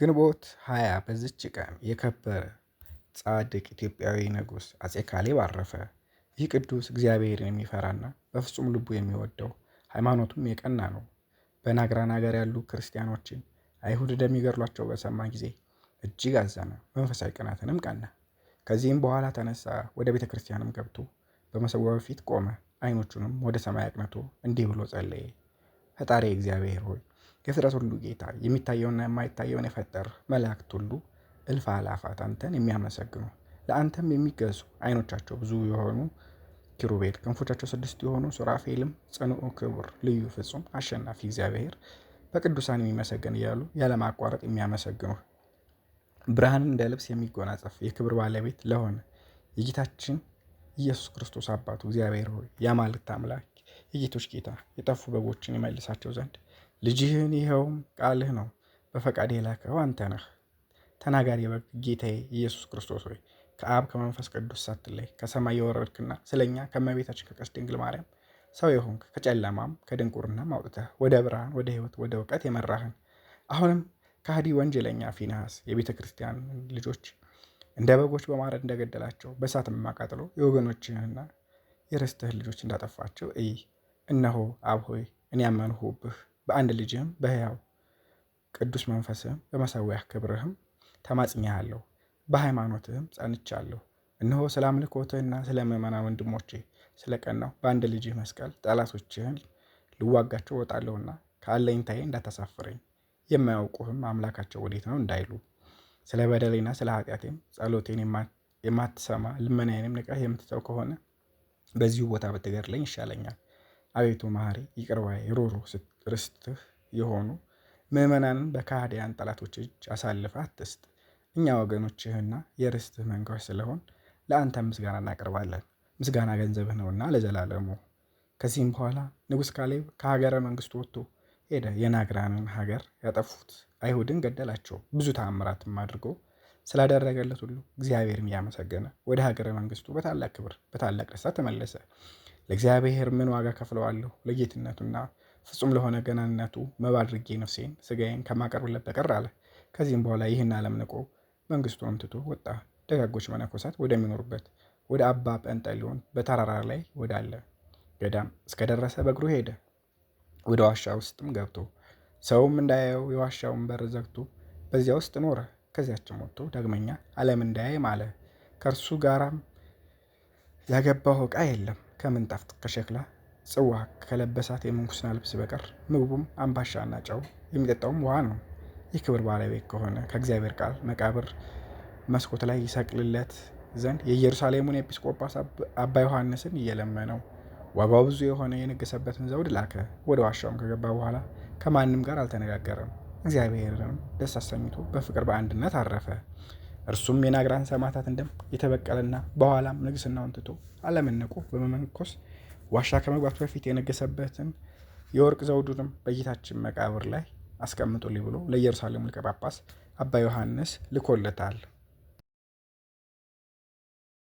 ግንቦት ሃያ በዚች ቀን የከበረ ጻድቅ ኢትዮጵያዊ ንጉስ አጼ ካሌብ አረፈ። ይህ ቅዱስ እግዚአብሔርን የሚፈራና በፍጹም ልቡ የሚወደው ሃይማኖቱም የቀና ነው። በናግራን ሀገር ያሉ ክርስቲያኖችን አይሁድ እንደሚገድሏቸው በሰማ ጊዜ እጅግ አዘነ፣ መንፈሳዊ ቅናትንም ቀና። ከዚህም በኋላ ተነሳ፣ ወደ ቤተ ክርስቲያንም ገብቶ በመሰዊያው ፊት ቆመ። አይኖቹንም ወደ ሰማይ አቅንቶ እንዲህ ብሎ ጸለየ። ፈጣሪ እግዚአብሔር ሆይ የፍጥረት ሁሉ ጌታ የሚታየውና የማይታየውን የፈጠር መላእክት ሁሉ እልፍ አላፋት አንተን የሚያመሰግኑ ለአንተም የሚገዙ አይኖቻቸው ብዙ የሆኑ ኪሩቤል ክንፎቻቸው ስድስት የሆኑ ሱራፌልም ጽኑዑ ክቡር ልዩ ፍጹም አሸናፊ እግዚአብሔር በቅዱሳን የሚመሰገን እያሉ ያለማቋረጥ የሚያመሰግኑ ብርሃንን እንደ ልብስ የሚጎናጸፍ የክብር ባለቤት ለሆነ የጌታችን ኢየሱስ ክርስቶስ አባቱ እግዚአብሔር ሆይ የአማልክት አምላክ የጌቶች ጌታ የጠፉ በጎችን ይመልሳቸው ዘንድ ልጅህን ይኸውም ቃልህ ነው በፈቃድ የላከው አንተ ነህ። ተናጋሪ በግ ጌታዬ ኢየሱስ ክርስቶስ ሆይ ከአብ ከመንፈስ ቅዱስ ሳትለይ ከሰማይ የወረድክና ስለኛ ከመቤታችን ከቅድስት ድንግል ማርያም ሰው የሆንክ ከጨለማም ከድንቁርናም አውጥተህ ወደ ብርሃን ወደ ሕይወት ወደ እውቀት የመራህን አሁንም ከሃዲ ወንጀለኛ ፊንሐስ የቤተ ክርስቲያን ልጆች እንደ በጎች በማረድ እንደገደላቸው በእሳት የማቃጥሎ የወገኖችህንና የርስትህን ልጆች እንዳጠፋቸው እይ። እነሆ አብ ሆይ እኔ ያመንሁብህ በአንድ ልጅም በሕያው ቅዱስ መንፈስም በመሠዊያህ ክብርህም ተማጽኛሃለሁ፣ በሃይማኖትህም ጸንቻለሁ። እነሆ ስለ አምልኮትህና ስለ ምዕመናን ወንድሞቼ ስለ ቀናሁ በአንድ ልጅህ መስቀል ጠላቶችህን ልዋጋቸው ወጣለሁና ከአለኝታዬ እንዳታሳፍረኝ። የማያውቁህም አምላካቸው ወዴት ነው እንዳይሉ ስለ በደሌና ስለ ኃጢአቴም ጸሎቴን የማትሰማ ልመናዬንም ንቀህ የምትተው ከሆነ በዚሁ ቦታ ብትገድለኝ ይሻለኛል። አቤቱ መሐሪ፣ ይቅርባ ባይ፣ ስት ርስትህ የሆኑ ምዕመናንን በካህዲያን ጠላቶች እጅ አሳልፈ አትስጥ። እኛ ወገኖችህና የርስትህ መንጋዎች ስለሆን ለአንተ ምስጋና እናቀርባለን። ምስጋና ገንዘብህ ነውና ለዘላለሙ። ከዚህም በኋላ ንጉሥ ካሌብ ከሀገረ መንግስቱ ወጥቶ ሄደ። የናግራንን ሀገር ያጠፉት አይሁድን ገደላቸው። ብዙ ተአምራትም አድርጎ ስላደረገለት ሁሉ እግዚአብሔርን እያመሰገነ ወደ ሀገረ መንግስቱ በታላቅ ክብር በታላቅ ደስታ ተመለሰ። ለእግዚአብሔር ምን ዋጋ ከፍለዋለሁ? ለጌትነቱና ፍጹም ለሆነ ገናንነቱ መባ አድርጌ ነፍሴን ስጋዬን ከማቀርብለት በቀር አለ። ከዚህም በኋላ ይህን ዓለም ንቆ መንግስቱን ትቶ ወጣ። ደጋጎች መነኮሳት ወደሚኖሩበት ወደ አባ ጰንጠሊዮን በተራራ ላይ ወዳለ ገዳም እስከደረሰ በእግሩ ሄደ። ወደ ዋሻ ውስጥም ገብቶ ሰውም እንዳያየው የዋሻውን በር ዘግቶ በዚያ ውስጥ ኖረ። ከዚያችም ወጥቶ ዳግመኛ ዓለም እንዳያይ ማለ። ከእርሱ ጋራም ያገባው ዕቃ የለም ከምንጣፍ ከሸክላ ጽዋ ከለበሳት የምንኩስና ልብስ በቀር ምግቡም አምባሻና ጨው የሚጠጣውም ውሃ ነው። ይህ ክብር ባለቤት ከሆነ ከእግዚአብሔር ቃል መቃብር መስኮት ላይ ይሰቅልለት ዘንድ የኢየሩሳሌሙን ኤጲስቆጳስ አባ ዮሐንስን እየለመነው ዋጋው ብዙ የሆነ የነገሰበትን ዘውድ ላከ። ወደ ዋሻውም ከገባ በኋላ ከማንም ጋር አልተነጋገረም። እግዚአብሔርንም ደስ አሰኝቶ በፍቅር በአንድነት አረፈ። እርሱም የናግራን ሰማዕታትን ደም የተበቀለና በኋላም ንግስናውን ትቶ አለመነቁ በመመንኮስ ዋሻ ከመግባቱ በፊት የነገሰበትን የወርቅ ዘውዱንም በጌታችን መቃብር ላይ አስቀምጡልኝ ብሎ ለኢየሩሳሌም ሊቀ ጳጳስ አባ ዮሐንስ ልኮለታል።